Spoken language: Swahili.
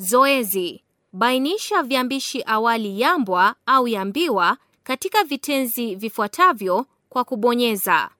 Zoezi: bainisha viambishi awali yambwa au yambiwa katika vitenzi vifuatavyo kwa kubonyeza.